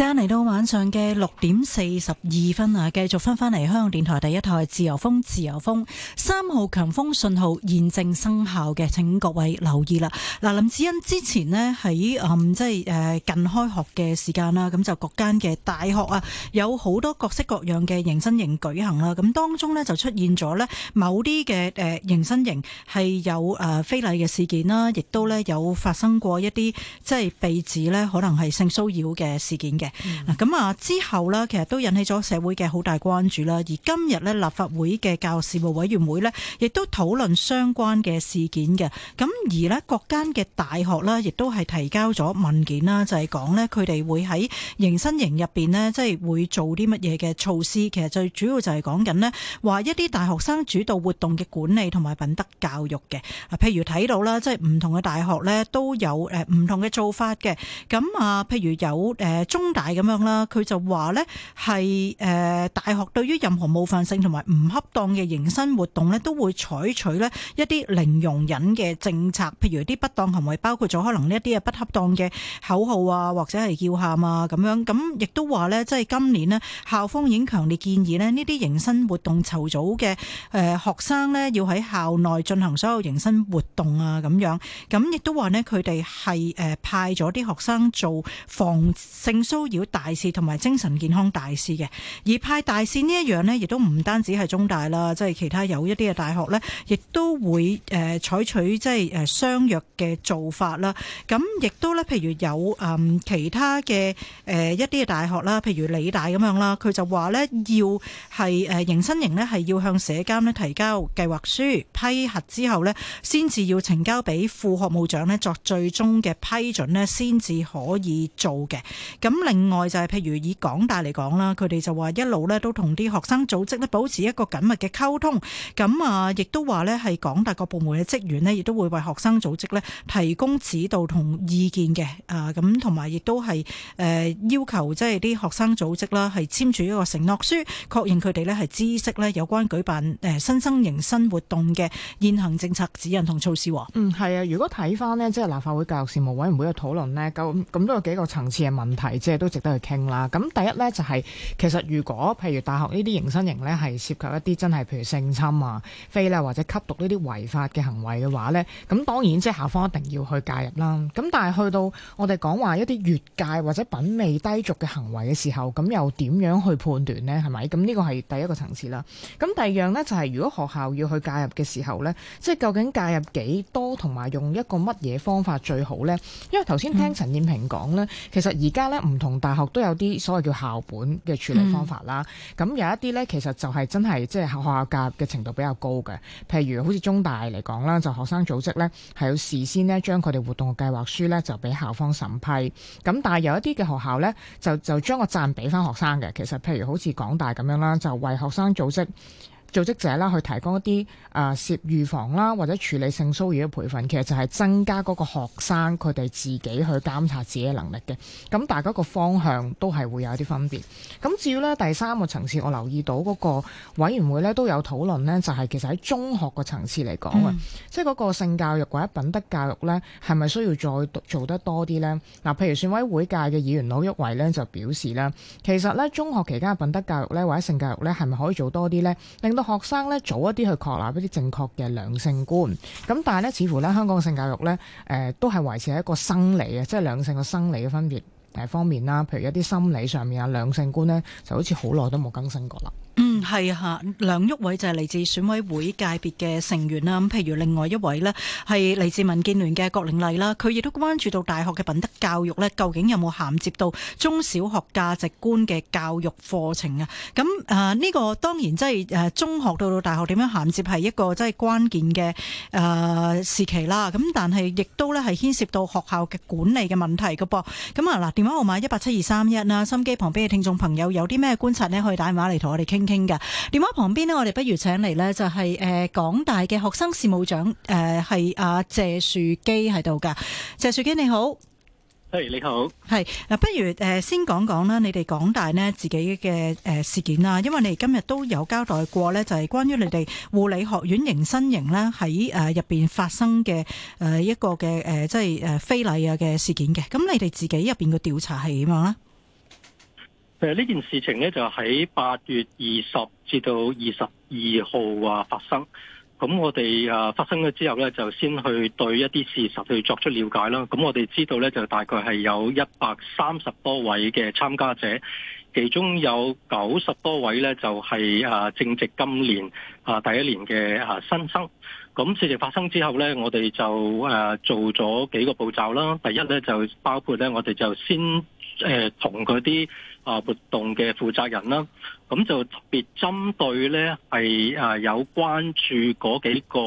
時間嚟到晚上嘅六點四十二分啊，繼續翻翻嚟香港電台第一台自由風，自由風三號強風信號現正生效嘅，請各位留意啦。嗱，林子欣之前咧喺嗯即係誒近開學嘅時間啦，咁就各間嘅大學啊，有好多各式各樣嘅迎新營舉行啦。咁當中咧就出現咗咧某啲嘅誒迎新營係有誒非禮嘅事件啦，亦都咧有發生過一啲即係被指咧可能係性騷擾嘅事件嘅。嗱咁啊，嗯、之後呢，其實都引起咗社會嘅好大關注啦。而今日呢，立法會嘅教育事務委員會呢，亦都討論相關嘅事件嘅。咁而呢，各間嘅大學呢，亦都係提交咗文件啦，就係講呢，佢哋會喺迎新營入邊呢，即係會做啲乜嘢嘅措施。其實最主要就係講緊呢，話一啲大學生主導活動嘅管理同埋品德教育嘅。啊，譬如睇到啦，即係唔同嘅大學呢，都有誒唔同嘅做法嘅。咁啊，譬如有誒中大咁樣啦，佢就話咧，係誒大學對於任何冒犯性同埋唔恰當嘅迎新活動咧，都會採取咧一啲零容忍嘅政策，譬如啲不當行為，包括咗可能呢一啲啊不恰當嘅口號啊，或者係叫喊啊咁樣。咁亦都話咧，即係今年咧校方已經強烈建議咧呢啲迎新活動籌組嘅誒學生咧，要喺校內進行所有迎新活動啊咁樣。咁亦都話咧，佢哋係誒派咗啲學生做防性騷騷擾大事同埋精神健康大事嘅，而派大事呢一樣咧，亦都唔單止係中大啦，即係其他有一啲嘅大學咧，亦都會誒採、呃、取即係誒、呃、相約嘅做法啦。咁亦都咧，譬如有誒、呃、其他嘅誒、呃、一啲嘅大學啦，譬如理大咁樣啦，佢就話咧要係誒迎新營咧係要向社監咧提交計劃書，批核之後咧先至要呈交俾副學務長咧作最終嘅批准咧，先至可以做嘅。咁。另外就係、是、譬如以港大嚟講啦，佢哋就話一路咧都同啲學生組織咧保持一個緊密嘅溝通，咁啊亦都話咧係港大各部門嘅職員咧，亦都會為學生組織咧提供指導同意見嘅啊，咁同埋亦都係誒要求即係啲學生組織啦，係簽署一個承諾書，確認佢哋咧係知識咧有關舉辦誒新生迎新活動嘅現行政策指引同措施。嗯，係啊，如果睇翻咧即係立法會教育事務委員會嘅討論咧，咁咁都有幾個層次嘅問題，即係。都值得去傾啦。咁第一呢，就係、是、其實如果譬如大學呢啲迎新營呢，係涉及一啲真係譬如性侵啊、非禮或者吸毒呢啲違法嘅行為嘅話呢，咁當然即係校方一定要去介入啦。咁但係去到我哋講話一啲越界或者品味低俗嘅行為嘅時候，咁又點樣去判斷呢？係咪？咁呢個係第一個層次啦。咁第二樣呢，就係、是、如果學校要去介入嘅時候呢，即係究竟介入幾多同埋用一個乜嘢方法最好呢？因為頭先聽陳燕平講呢，嗯、其實而家呢唔同。同大學都有啲所謂叫校本嘅處理方法啦，咁、嗯、有一啲呢，其實就係真係即係學校介入嘅程度比較高嘅，譬如好似中大嚟講啦，就學生組織呢，係要事先呢將佢哋活動嘅計劃書呢就俾校方審批，咁但係有一啲嘅學校呢，就就將個贊俾翻學生嘅，其實譬如好似港大咁樣啦，就為學生組織。組織者啦，去提供一啲、呃、涉預防啦，或者處理性騷擾嘅培訓，其實就係增加嗰個學生佢哋自己去監察自己嘅能力嘅。咁大家個方向都係會有啲分別。咁至於呢，第三個層次，我留意到嗰個委員會呢，都有討論呢，就係、是、其實喺中學個層次嚟講啊，嗯、即係嗰個性教育或者品德教育呢，係咪需要再做得多啲呢？嗱，譬如選委會界嘅議員老一位呢，就表示啦，其實呢，中學期間嘅品德教育呢，或者性教育呢，係咪可以做多啲呢？令到學生咧早一啲去確立一啲正確嘅兩性觀，咁但係咧似乎咧香港性教育咧，誒都係維持喺一個生理啊，即係兩性嘅生理嘅分別誒方面啦，譬如一啲心理上面啊兩性觀咧就好似好耐都冇更新過啦。係哈，梁旭偉就係嚟自選委會界別嘅成員啦。咁譬如另外一位呢，係嚟自民建聯嘅郭玲麗啦。佢亦都關注到大學嘅品德教育呢，究竟有冇銜接到中小學價值觀嘅教育課程啊？咁誒呢個當然即係誒中學到到大學點樣銜接係一個即係關鍵嘅誒時期啦。咁但係亦都呢，係牽涉到學校嘅管理嘅問題㗎噃。咁啊嗱，電話號碼一八七二三一啦，1, 心機旁邊嘅聽眾朋友有啲咩觀察呢？可以打電話嚟同我哋傾傾。電話旁邊呢，我哋不如請嚟，呢就係、是、誒、呃、港大嘅學生事務長誒係阿謝樹基喺度噶。謝樹基你好，係、hey, 你好，係嗱、啊，不如誒先講講啦。你哋港大呢自己嘅誒事件啦。因為你今日都有交代過呢，就係關於你哋護理學院迎新營呢喺誒入邊發生嘅誒一個嘅誒即係誒非禮啊嘅事件嘅。咁你哋自己入邊嘅調查係點樣呢？誒呢件事情咧就喺八月二十至到二十二號啊發生，咁我哋誒發生咗之後咧就先去對一啲事實去作出了解啦。咁我哋知道咧就大概係有一百三十多位嘅參加者，其中有九十多位咧就係誒正值今年啊第一年嘅誒新生。咁事情發生之後咧，我哋就誒做咗幾個步驟啦。第一咧就包括咧，我哋就先。誒同嗰啲啊活動嘅負責人啦，咁就特別針對咧係啊有關注嗰幾個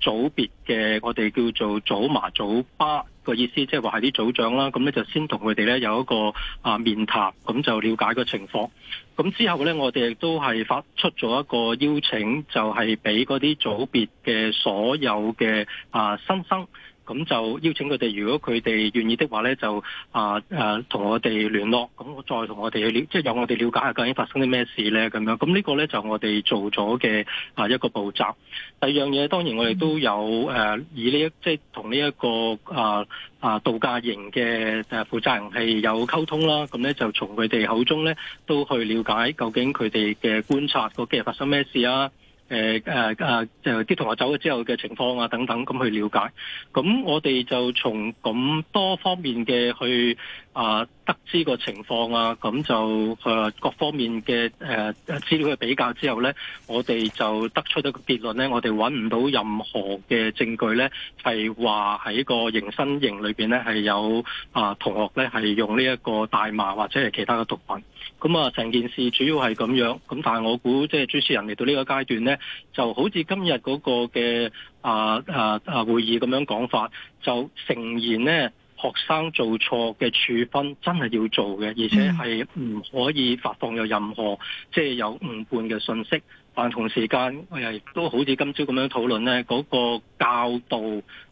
組別嘅，我哋叫做組麻組爸個意思，即係話係啲組長啦。咁咧就先同佢哋咧有一個啊面談，咁就了解個情況。咁之後咧，我哋亦都係發出咗一個邀請，就係俾嗰啲組別嘅所有嘅啊新生。咁就邀請佢哋，如果佢哋願意的話咧，就啊啊同我哋聯絡。咁我再同我哋了，即係由我哋了解下究竟發生啲咩事咧，咁樣。咁呢個咧就是、我哋做咗嘅啊一個步驟。第二樣嘢當然我哋都有誒、啊，以呢一即係同呢一個啊啊度假營嘅負責人係有溝通啦。咁咧就從佢哋口中咧都去了解究竟佢哋嘅觀察究竟發生咩事啊。誒，誒、呃，誒、呃，就啲同學走咗之後嘅情況啊，等等咁去了解，咁我哋就從咁多方面嘅去啊。呃得知個情況啊，咁就誒各方面嘅誒資料嘅比較之後呢，我哋就得出一個結論呢，我哋揾唔到任何嘅證據呢係話喺個迎新營裏面，呢係有啊同學呢係用呢一個大麻或者係其他嘅毒品。咁啊，成件事主要係咁樣。咁但係我估即係主持人嚟到呢個階段呢，就好似今日嗰個嘅啊啊啊會議咁樣講法，就誠然呢。學生做錯嘅處分真係要做嘅，而且係唔可以發放有任何即係、就是、有誤判嘅信息。但同時間，我哋都好似今朝咁樣討論呢嗰、那個教導、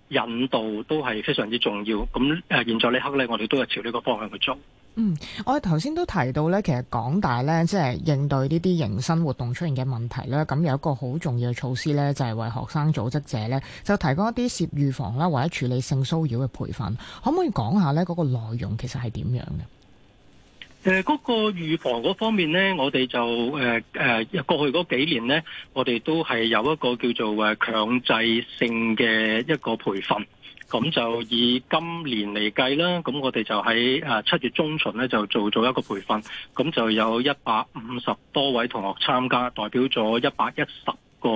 引導都係非常之重要。咁誒，現在呢刻呢，我哋都係朝呢個方向去做。嗯，我哋頭先都提到咧，其實港大咧即係應對呢啲迎新活動出現嘅問題咧，咁有一個好重要嘅措施咧，就係、是、為學生組織者咧，就提供一啲涉預防啦或者處理性騷擾嘅培訓，可唔可以講下咧嗰個內容其實係點樣嘅？誒、呃，嗰、那個預防嗰方面咧，我哋就誒誒、呃呃、過去嗰幾年咧，我哋都係有一個叫做誒強制性嘅一個培訓。咁就以今年嚟計啦，咁我哋就喺誒七月中旬咧就做咗一個培訓，咁就有一百五十多位同學參加，代表咗一百一十個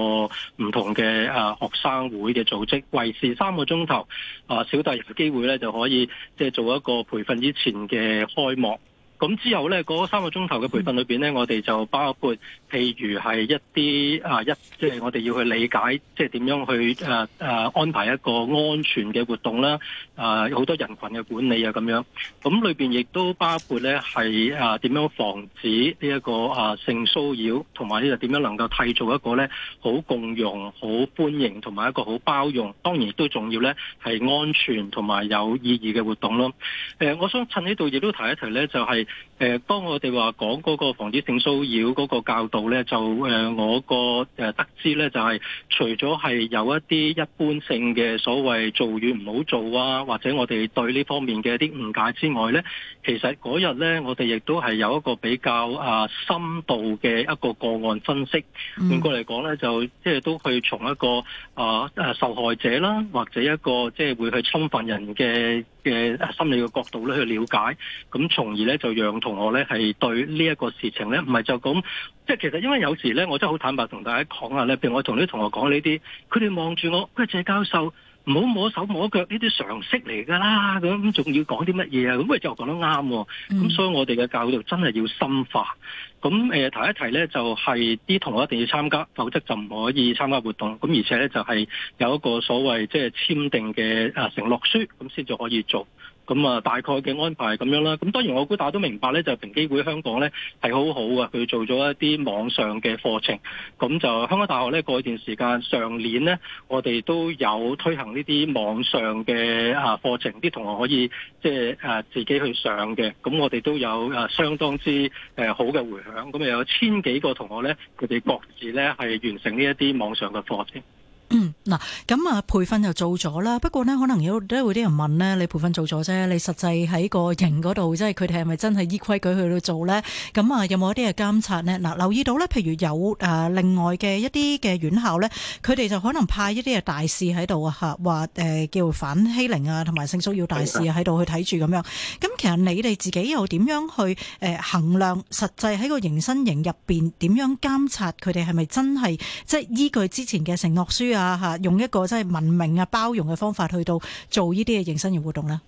唔同嘅學生會嘅組織，為時三個鐘頭，啊小大人機會咧就可以即係做一個培訓之前嘅開幕。咁之後咧，嗰、那個、三個鐘頭嘅培訓裏邊咧，我哋就包括譬如係一啲啊一，即、就、係、是、我哋要去理解，即係點樣去誒、啊啊、安排一個安全嘅活動啦。誒、啊、好多人群嘅管理啊，咁樣咁裏邊亦都包括咧係誒點樣防止呢、這、一個誒、啊、性騷擾，同埋呢個點樣能夠締造一個咧好共融、好歡迎同埋一個好包容。當然亦都重要咧，係安全同埋有意義嘅活動咯、啊。我想趁呢度亦都提一提咧，就係、是。誒，當我哋話講嗰個防止性騷擾嗰個教導咧，就誒，我個誒得知咧，就係、是、除咗係有一啲一般性嘅所謂做與唔好做啊，或者我哋對呢方面嘅一啲誤解之外咧，其實嗰日咧，我哋亦都係有一個比較啊深度嘅一個個案分析。換、嗯、過嚟講咧，就即係、就是、都去從一個啊受害者啦，或者一個即係、就是、會去侵犯人嘅嘅心理嘅角度咧去了解，咁從而咧就讓同學咧係對呢一個事情咧，唔係就咁，即係其實因為有時咧，我真係好坦白同大家講下咧，譬如我同啲同學講呢啲，佢哋望住我，喂，謝教授。唔好摸手摸腳呢啲常識嚟噶啦，咁仲要講啲乜嘢啊？咁咪就講得啱，咁所以我哋嘅教育真係要深化。咁誒，提一提咧，就係啲同學一定要參加，否則就唔可以參加活動。咁而且咧，就係有一個所謂即係簽訂嘅啊承諾書，咁先至可以做。咁啊，大概嘅安排咁樣啦。咁當然我估大家都明白咧，就係、平機會香港咧係好好啊。佢做咗一啲網上嘅課程。咁就香港大學咧，過一段時間上年咧，我哋都有推行呢啲網上嘅啊課程，啲同學可以即係、就係啊、自己去上嘅。咁我哋都有相當之、啊、好嘅迴響。咁有千幾個同學咧，佢哋各自咧係完成呢一啲網上嘅課程。嗯，嗱，咁啊，培訓又做咗啦。不過咧，可能有都有啲人問咧，你培訓做咗啫，你實際喺個營嗰度，即係佢哋係咪真係依規矩去到做咧？咁啊，有冇一啲嘅監察咧？嗱、嗯，留意到咧，譬如有誒、呃、另外嘅一啲嘅院校咧，佢哋就可能派一啲嘅大使喺度吓話誒叫反欺凌啊，同埋性騷擾大使啊喺度去睇住咁樣，咁其實你哋自己又點樣去誒衡、呃、量實際喺個營身營入邊點樣監察佢哋係咪真係即係依據之前嘅承諾書啊？啊吓，用一個即係文明啊、包容嘅方法去到做呢啲嘅迎新嘅活動咧。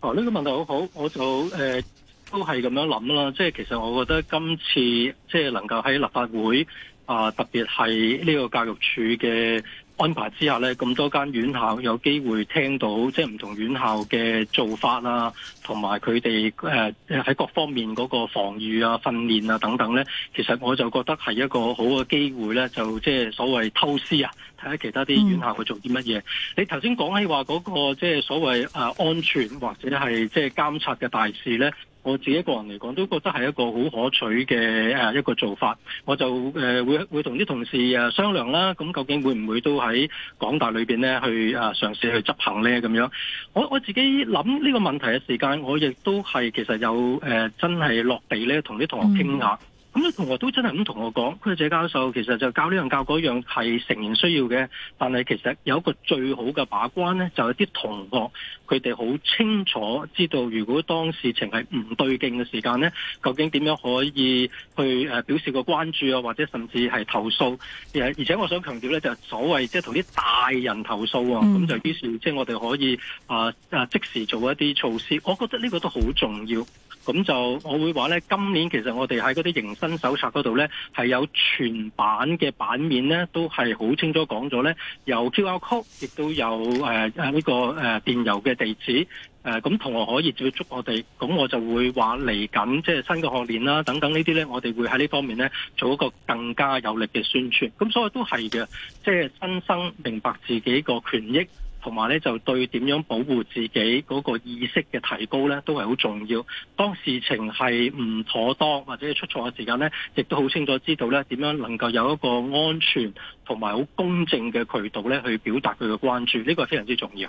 哦，呢、這個問題好好，我就誒、呃、都係咁樣諗啦。即係其實我覺得今次即係能夠喺立法會啊、呃，特別係呢個教育處嘅。安排之下咧，咁多間院校有機會聽到即係唔同院校嘅做法啊，同埋佢哋誒喺各方面嗰個防御啊、訓練啊、等等咧，其實我就覺得係一個好嘅機會咧，就即係所謂偷師啊，睇下其他啲院校去做啲乜嘢。嗯、你頭先講起話嗰個即係所謂誒安全或者係即係監察嘅大事咧。我自己個人嚟講，都覺得係一個好可取嘅一個做法，我就誒、呃、會會同啲同事商量啦。咁究竟會唔會都喺港大裏面咧去啊、呃、嘗試去執行咧咁樣？我我自己諗呢個問題嘅時間，我亦都係其實有誒、呃、真係落地咧，同啲同學傾下。嗯咁啲同學都真係咁同我講，佢謝教授其實就教呢樣教嗰樣係仍然需要嘅，但係其實有一個最好嘅把關咧，就係啲同學佢哋好清楚知道，如果當事情係唔對勁嘅時間咧，究竟點樣可以去誒表示個關注啊，或者甚至係投訴。而且我想強調咧，就係、是、所謂即係同啲大人投訴喎、啊，咁、嗯、就於是即係、就是、我哋可以啊啊即時做一啲措施。我覺得呢個都好重要。咁就我會話呢，今年其實我哋喺嗰啲迎新手冊嗰度呢，係有全版嘅版面呢都係好清楚講咗呢，有 QR Code，亦都有誒呢、呃這個誒、呃、電郵嘅地址，誒、呃、咁同學可以接觸我哋，咁我就會話嚟緊即係新嘅學年啦，等等呢啲呢，我哋會喺呢方面呢做一個更加有力嘅宣傳，咁所以都係嘅，即係新生明白自己個權益。同埋咧，就對點樣保護自己嗰個意識嘅提高咧，都係好重要。當事情係唔妥當或者係出錯嘅時間咧，亦都好清楚知道咧，點樣能夠有一個安全同埋好公正嘅渠道咧，去表達佢嘅關注，呢個係非常之重要。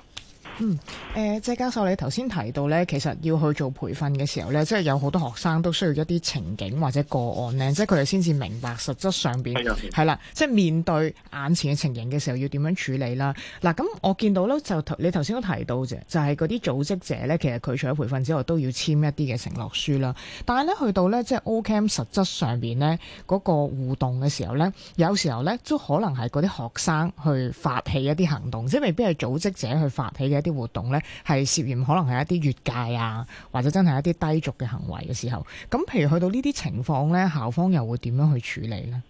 嗯，誒、呃，謝教授，你頭先提到咧，其實要去做培訓嘅時候咧，即係有好多學生都需要一啲情景或者個案咧，即係佢哋先至明白實質上邊係的啦，即係面對眼前嘅情形嘅時候要點樣處理啦。嗱，咁我見到咧就頭你頭先都提到啫，就係嗰啲組織者咧，其實佢除咗培訓之外都要簽一啲嘅承諾書啦。但係咧去到咧即係 O Camp 實質上邊咧嗰個互動嘅時候咧，有時候咧都可能係嗰啲學生去發起一啲行動，即係未必係組織者去發起嘅。啲活動呢係涉嫌可能係一啲越界啊，或者真係一啲低俗嘅行為嘅時候，咁譬如去到呢啲情況呢，校方又會點樣去處理呢？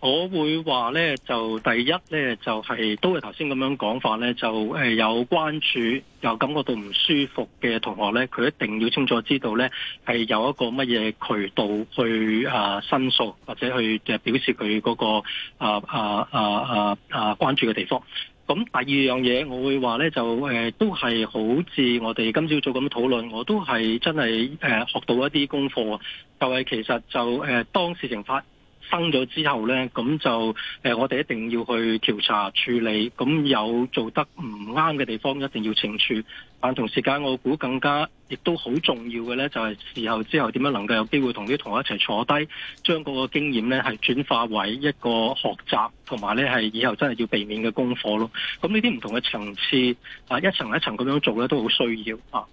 我會話呢，就第一呢，就係都係頭先咁樣講法呢，就誒有關注，有感覺到唔舒服嘅同學呢，佢一定要清楚知道呢係有一個乜嘢渠道去啊申訴，或者去即係表示佢嗰個啊啊啊啊關注嘅地方。咁第二樣嘢，我會話咧就、呃、都係好似我哋今朝早咁討論，我都係真係誒、呃、學到一啲功課，就係、是、其實就誒、呃、當事情發登咗之後呢，咁就、呃、我哋一定要去調查處理。咁有做得唔啱嘅地方，一定要懲處。但同時間，我估更加亦都好重要嘅呢，就係事後之後點樣能夠有機會同啲同學一齊坐低，將嗰個經驗呢係轉化為一個學習，同埋呢係以後真係要避免嘅功課咯。咁呢啲唔同嘅層次啊，一層一層咁樣做呢，都好需要啊。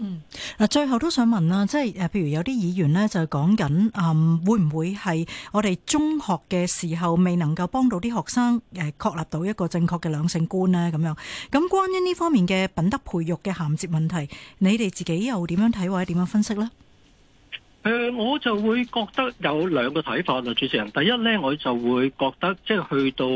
嗯，嗱，最後都想問啦，即係誒，譬如有啲議員呢，就講緊，誒，會唔會係我哋中學嘅時候未能夠幫到啲學生誒，確立到一個正確嘅兩性觀呢？咁樣，咁關於呢方面嘅品德培育嘅銜接問題，你哋自己又點樣睇或者點樣分析呢？誒、呃，我就會覺得有兩個睇法啦，主持人。第一呢，我就會覺得即係去到。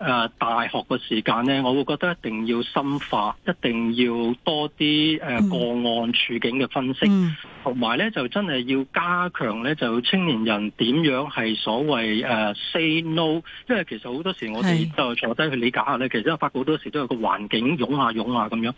誒、呃、大學嘅時間咧，我會覺得一定要深化，一定要多啲誒、呃、個案處境嘅分析，同埋咧就真係要加強咧，就青年人點樣係所謂誒、呃、say no，因為其實好多時我哋就是坐低去理解下咧，其實我發覺好多時都有個環境擁下擁下咁樣，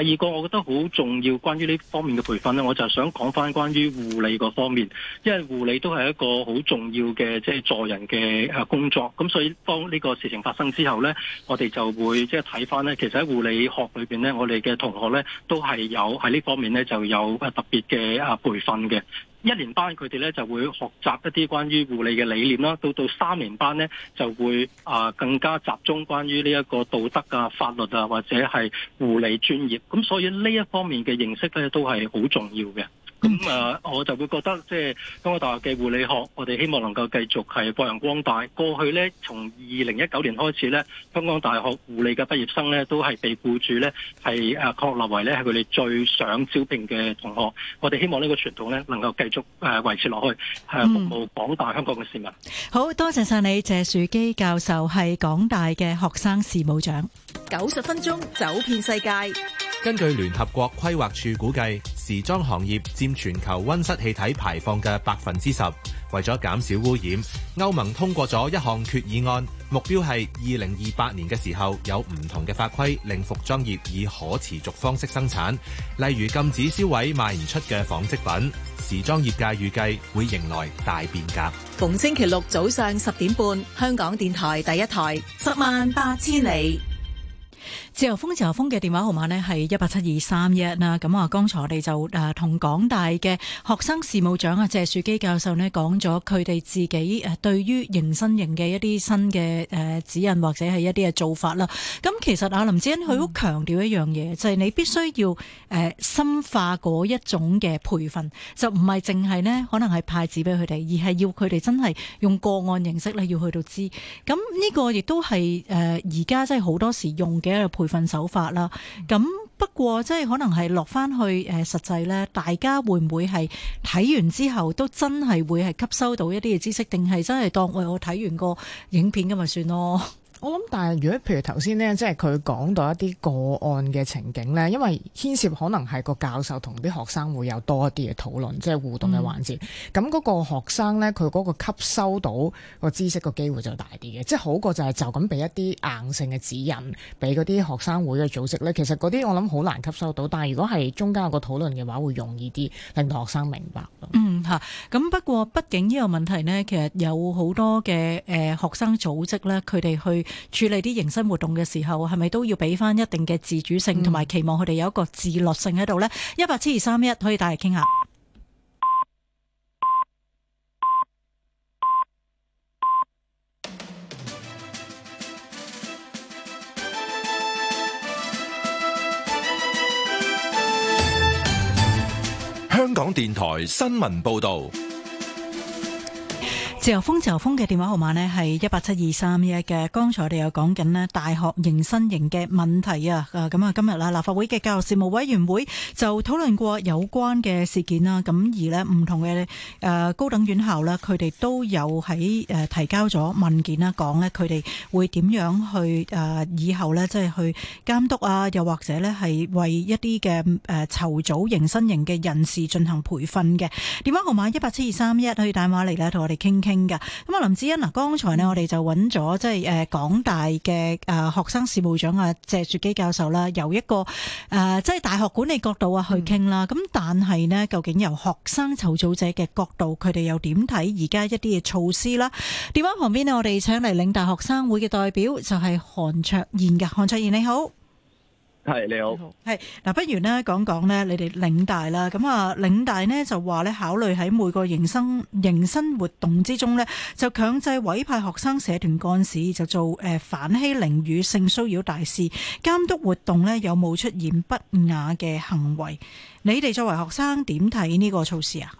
第二個我覺得好重要，關於呢方面嘅培訓咧，我就想講翻關於護理嗰方面，因為護理都係一個好重要嘅即係助人嘅工作，咁所以當呢個事情發生。之後呢，我哋就會即係睇翻呢。其實喺護理學裏邊呢，我哋嘅同學呢都係有喺呢方面呢就有特別嘅啊培訓嘅。一年班佢哋呢就會學習一啲關於護理嘅理念啦。到到三年班呢就會啊、呃、更加集中關於呢一個道德啊、法律啊或者係護理專業。咁所以呢一方面嘅認識呢，都係好重要嘅。咁啊，嗯、我就會覺得即係香港大學嘅護理學，我哋希望能夠繼續係發揚光大。過去咧，從二零一九年開始咧，香港大學護理嘅畢業生咧都係被僱主咧，係啊確立為咧係佢哋最想招聘嘅同學。我哋希望呢個傳統咧能夠繼續誒維持落去，係、嗯、服務廣大香港嘅市民。好多謝晒你，謝樹基教授係港大嘅學生事務長，九十分鐘走遍世界。根據聯合國規劃處估計，時裝行業佔全球溫室氣體排放嘅百分之十。為咗減少污染，歐盟通過咗一項決議案，目標係二零二八年嘅時候有唔同嘅法規令服裝業以可持續方式生產，例如禁止銷毀賣唔出嘅紡織品。時裝業界預計會迎來大變革。逢星期六早上十點半，香港電台第一台，十萬八千里。自由風自由風嘅電話號碼呢係一八七二三一啦。咁啊，剛才我哋就同港大嘅學生事務長啊，謝樹基教授呢講咗佢哋自己誒對於迎新營嘅一啲新嘅誒指引或者係一啲嘅做法啦。咁其實阿林志恩佢好強調一樣嘢，嗯、就係你必須要誒深化嗰一種嘅培訓，就唔係淨係呢，可能係派紙俾佢哋，而係要佢哋真係用個案形式咧要去到知。咁呢個亦都係誒而家真係好多時用嘅一個培訓。份手法啦，咁不過即係可能係落翻去誒，實際咧，大家會唔會係睇完之後都真係會係吸收到一啲嘅知識，定係真係當我睇完個影片咁咪算咯？我諗，但係如果譬如頭先呢，即係佢講到一啲個案嘅情景呢，因為牽涉可能係個教授同啲學生會有多一啲嘅討論，即係互動嘅環節。咁嗰、嗯、個學生呢，佢嗰個吸收到個知識嘅機會就大啲嘅，即係好過就係就咁俾一啲硬性嘅指引俾嗰啲學生會嘅組織呢。其實嗰啲我諗好難吸收到，但係如果係中間有個討論嘅話，會容易啲令到學生明白咯。嗯，吓咁不過，畢竟呢個問題呢，其實有好多嘅誒、呃、學生組織呢，佢哋去。處理啲迎新活動嘅時候，係咪都要畀返一定嘅自主性，同埋期望佢哋有一個自律性喺度呢？一八七二三一，可以帶嚟傾下。香港電台新聞報導。自由風，自由風嘅電話號碼呢係一八七二三一嘅。剛才我哋又講緊大學迎新營嘅問題啊，咁啊今日啦，立法會嘅教育事務委員會就討論過有關嘅事件啦。咁而呢，唔同嘅誒高等院校呢，佢哋都有喺誒提交咗文件啦，講呢，佢哋會點樣去誒以後呢，即係去監督啊，又或者呢係為一啲嘅誒籌組迎新營嘅人士進行培訓嘅。電話號碼一八七二三一，可以打電話嚟呢，同我哋傾傾。咁啊，林志欣嗱，剛才呢我哋就揾咗即係誒港大嘅誒學生事務長啊，謝樹基教授啦，由一個誒即係大學管理角度啊去傾啦。咁但係呢，究竟由學生籌組者嘅角度，佢哋又點睇而家一啲嘅措施啦？電話旁邊呢我哋請嚟領大學生會嘅代表，就係、是、韓焯彥嘅，韓焯彥你好。係你好，係嗱，不如咧講講咧，你哋嶺大啦，咁啊，嶺大咧就話咧，考慮喺每個迎新迎新活動之中咧，就強制委派學生社團幹事就做誒反欺凌與性騷擾大使，監督活動咧有冇出現不雅嘅行為。你哋作為學生點睇呢個措施啊？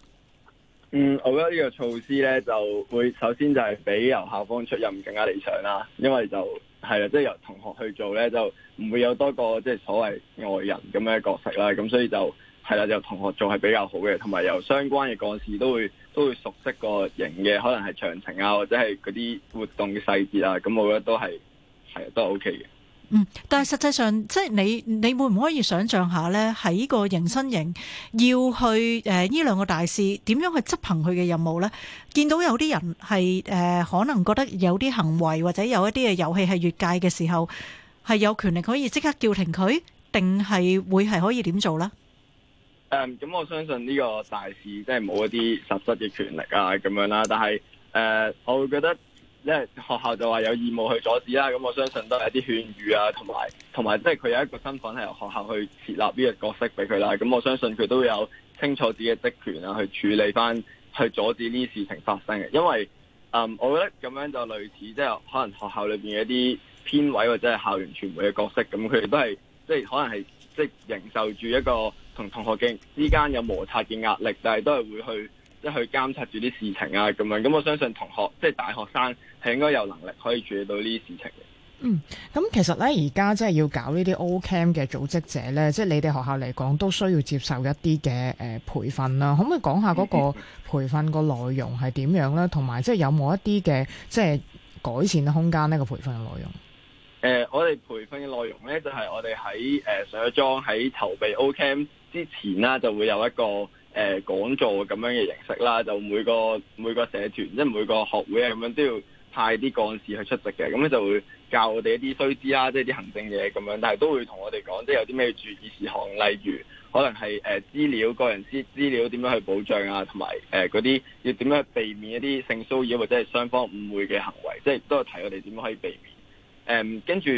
嗯，我覺得呢個措施咧就會首先就係比由校方出任更加理想啦，因為就。係啦，即係、就是、由同學去做咧，就唔會有多個即係所謂外人咁樣嘅角色啦。咁所以就係啦，由同學做係比較好嘅，同埋由相關嘅幹事都會都會熟悉個型嘅，可能係詳情啊，或者係嗰啲活動嘅細節啊。咁我覺得都係係都係 O K 嘅。嗯，但係實際上，即係你你會唔可以想象下呢？喺個迎新營要去誒，呢兩個大使點樣去執行佢嘅任務呢？見到有啲人係誒，可能覺得有啲行為或者有一啲嘅遊戲係越界嘅時候，係有權力可以即刻叫停佢，定係會係可以點做呢？誒，咁我相信呢個大使真係冇一啲實質嘅權力啊，咁樣啦。但係誒，我會覺得。即係學校就話有義務去阻止啦，咁我相信都係一啲勸喻啊，同埋同埋即係佢有一個身份係由學校去設立呢個角色俾佢啦，咁我相信佢都會有清楚自己嘅職權啊，去處理翻去阻止呢啲事情發生嘅，因為嗯，我覺得咁樣就類似即係、就是、可能學校裏邊一啲編委或者係校園傳媒嘅角色，咁佢哋都係即係可能係即係承受住一個同同學嘅之間有摩擦嘅壓力，但、就、係、是、都係會去。一去監察住啲事情啊，咁樣咁我相信同學即係、就是、大學生係應該有能力可以處理到呢啲事情嘅。嗯，咁其實呢，而家即係要搞呢啲 O Camp 嘅組織者呢，即、就、係、是、你哋學校嚟講都需要接受一啲嘅、呃、培訓啦。可唔可以講下嗰個培訓個內容係點樣呢？同埋即係有冇一啲嘅即係改善嘅空間呢、這個培訓嘅內容？呃、我哋培訓嘅內容呢，就係、是、我哋喺、呃、上咗莊喺籌備 O Camp 之前啦，就會有一個。誒、呃、講座咁樣嘅形式啦，就每個每個社團即係每個學會啊，咁樣都要派啲幹事去出席嘅，咁咧就會教我哋一啲須知啊，即係啲行政嘢咁樣，但係都會同我哋講，即係有啲咩注意事項，例如可能係誒、呃、資料個人資資料點樣去保障啊，同埋誒嗰啲要點樣避免一啲性騷擾或者係雙方誤會嘅行為，即係都係提我哋點樣可以避免。誒、嗯，跟住。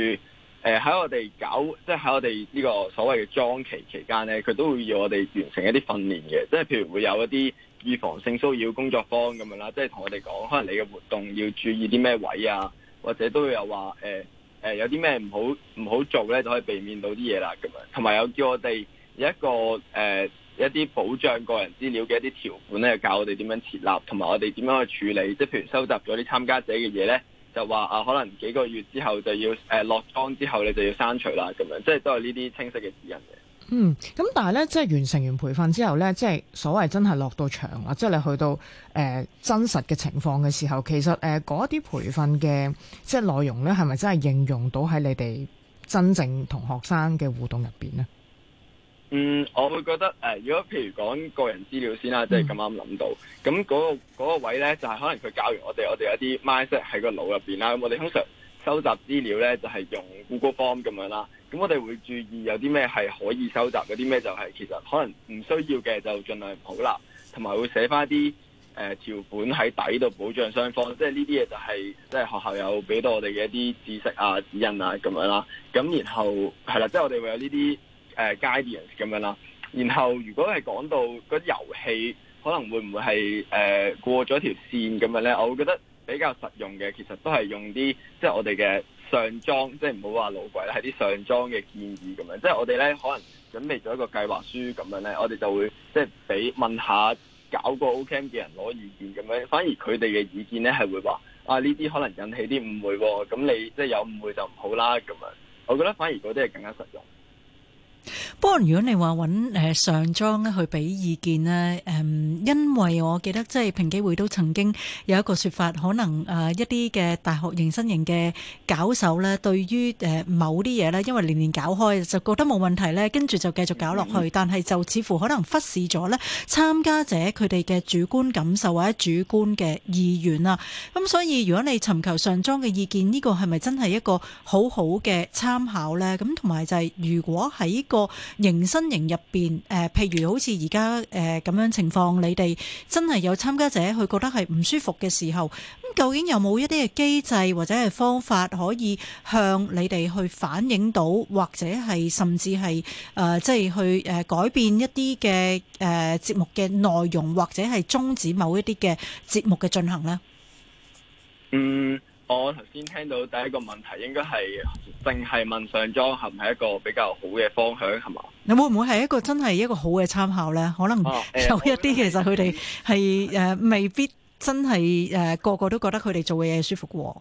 誒喺我哋搞，即係喺我哋呢個所謂嘅莊期期間呢，佢都會要我哋完成一啲訓練嘅，即係譬如會有一啲預防性騷擾工作坊咁樣啦，即係同我哋講，可能你嘅活動要注意啲咩位啊，或者都會有話誒、呃呃、有啲咩唔好唔好做呢，就可以避免到啲嘢啦咁樣。同埋有叫我哋有一個誒、呃、一啲保障個人資料嘅一啲條款呢教我哋點樣設立，同埋我哋點樣去處理，即係譬如收集咗啲參加者嘅嘢呢。就話啊，可能幾個月之後就要誒落莊之後你就要刪除啦，咁樣即係都係呢啲清晰嘅指引嘅。嗯，咁但係呢，即係完成完培訓之後呢，即係所謂真係落到場啦，即係你去到誒、呃、真實嘅情況嘅時候，其實誒嗰啲培訓嘅即係內容呢，係咪真係應用到喺你哋真正同學生嘅互動入邊呢？嗯，我會覺得誒、呃，如果譬如講個人資料先啦，即係咁啱諗到，咁嗰、嗯那個嗰、那個位咧，就係、是、可能佢教完我哋，我哋有啲 mindset 喺個腦入邊啦。咁我哋通常收集資料咧，就係、是、用 Google Form 咁樣啦。咁我哋會注意有啲咩係可以收集，有啲咩就係、是、其實可能唔需要嘅、呃，就盡量唔好啦，同埋會寫翻啲誒條款喺底度保障雙方。即係呢啲嘢就係即係學校有俾到我哋嘅一啲知識啊、指引啊咁樣啦。咁然後係啦，即、就、係、是、我哋會有呢啲。誒街邊人士咁樣啦，然後如果係講到嗰啲遊戲可能會唔會係誒、uh, 過咗條線咁樣呢？我會覺得比較實用嘅其實都係用啲即係我哋嘅上莊，即係唔好話老鬼啦，係啲上莊嘅建議咁樣。即、就、係、是、我哋呢可能準備咗一個計劃書咁樣呢，我哋就會即係俾問下搞個 O Camp 嘅人攞意見咁樣，反而佢哋嘅意見呢係會話啊呢啲可能引起啲誤會、啊，咁你即係、就是、有誤會就唔好啦、啊、咁樣。我覺得反而嗰啲係更加實用。不過，如果你話揾上莊咧去俾意見呢，誒、嗯，因為我記得即係評議會都曾經有一個說法，可能誒一啲嘅大學迎新營嘅搞手呢，對於某啲嘢呢，因為年年搞開，就覺得冇問題呢，跟住就繼續搞落去，但係就似乎可能忽視咗呢參加者佢哋嘅主觀感受或者主觀嘅意願啦。咁所以，如果你尋求上莊嘅意見，呢個係咪真係一個好好嘅參考呢？咁同埋就係、是、如果喺個迎新營入邊，誒，譬如好似而家誒咁樣情況，你哋真係有參加者，去覺得係唔舒服嘅時候，咁究竟有冇一啲嘅機制或者係方法可以向你哋去反映到，或者係甚至係誒，即係去誒改變一啲嘅誒節目嘅內容，或者係終止某一啲嘅節目嘅進行呢？嗯。我頭先聽到第一個問題，應該係淨係問上莊係唔係一個比較好嘅方向，係嘛？你會唔會係一個真係一個好嘅參考咧？可能、啊呃、有一啲其實佢哋係誒未必真係誒個個都覺得佢哋做嘅嘢舒服嘅。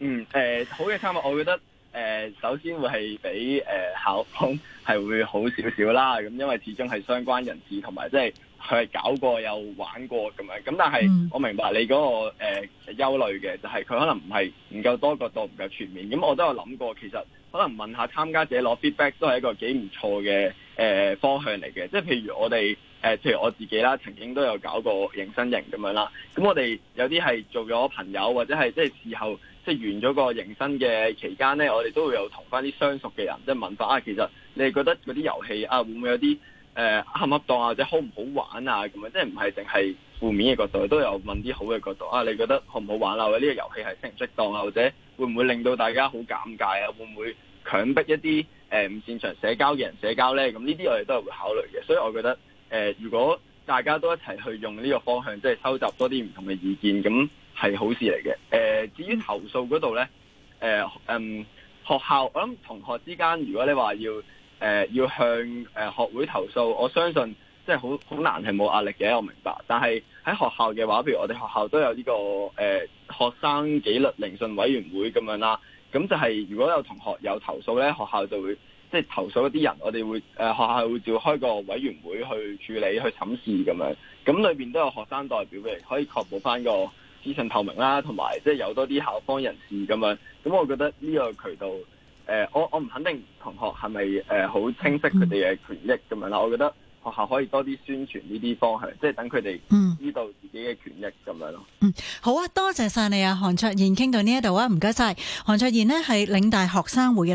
嗯，誒、呃、好嘅參考，我覺得誒、呃、首先會係比誒、呃、考方係會好少少啦。咁因為始終係相關人士同埋即係。佢係搞過又玩過咁樣，咁但係我明白你嗰、那個誒、呃、憂慮嘅，就係佢可能唔係唔夠多角度，唔夠全面。咁我都有諗過，其實可能問下參加者攞 feedback 都係一個幾唔錯嘅誒、呃、方向嚟嘅。即係譬如我哋誒、呃，譬如我自己啦，曾經都有搞過迎新營咁樣啦。咁我哋有啲係做咗朋友，或者係即係事後即係、就是、完咗個迎新嘅期間呢，我哋都會有同翻啲相熟嘅人即係問翻啊，其實你哋覺得嗰啲遊戲啊會唔會有啲？誒合唔合當啊，或者好唔好玩啊，咁樣即係唔係淨係負面嘅角度，都有問啲好嘅角度啊。你覺得好唔好玩啊？或者呢個遊戲係適唔適當啊？或者會唔會令到大家好尷尬啊？會唔會強迫一啲誒唔擅長社交嘅人社交呢？咁呢啲我哋都係會考慮嘅。所以我覺得誒、呃，如果大家都一齊去用呢個方向，即係收集多啲唔同嘅意見，咁係好事嚟嘅。誒、呃、至於投訴嗰度呢，誒、呃嗯、學校，我諗同學之間，如果你話要。誒、呃、要向誒、呃、學會投訴，我相信即係好好難係冇壓力嘅，我明白。但係喺學校嘅話，譬如我哋學校都有呢、這個誒、呃、學生紀律聆訊委員會咁樣啦。咁就係如果有同學有投訴咧，學校就會即係投訴一啲人，我哋會誒、呃、學校會召開個委員會去處理、去審視咁樣。咁裏面都有學生代表嘅，可以確保返個資訊透明啦，同埋即係有多啲校方人士咁樣。咁我覺得呢個渠道。誒，我我唔肯定同學係咪誒好清晰佢哋嘅權益咁樣啦。嗯、我覺得學校可以多啲宣傳呢啲方向，即係等佢哋知道自己嘅權益咁樣咯。嗯，好啊，多謝晒你啊，韓焯彥，傾到呢一度啊，唔該晒，韓焯彥呢係嶺大學生會嘅。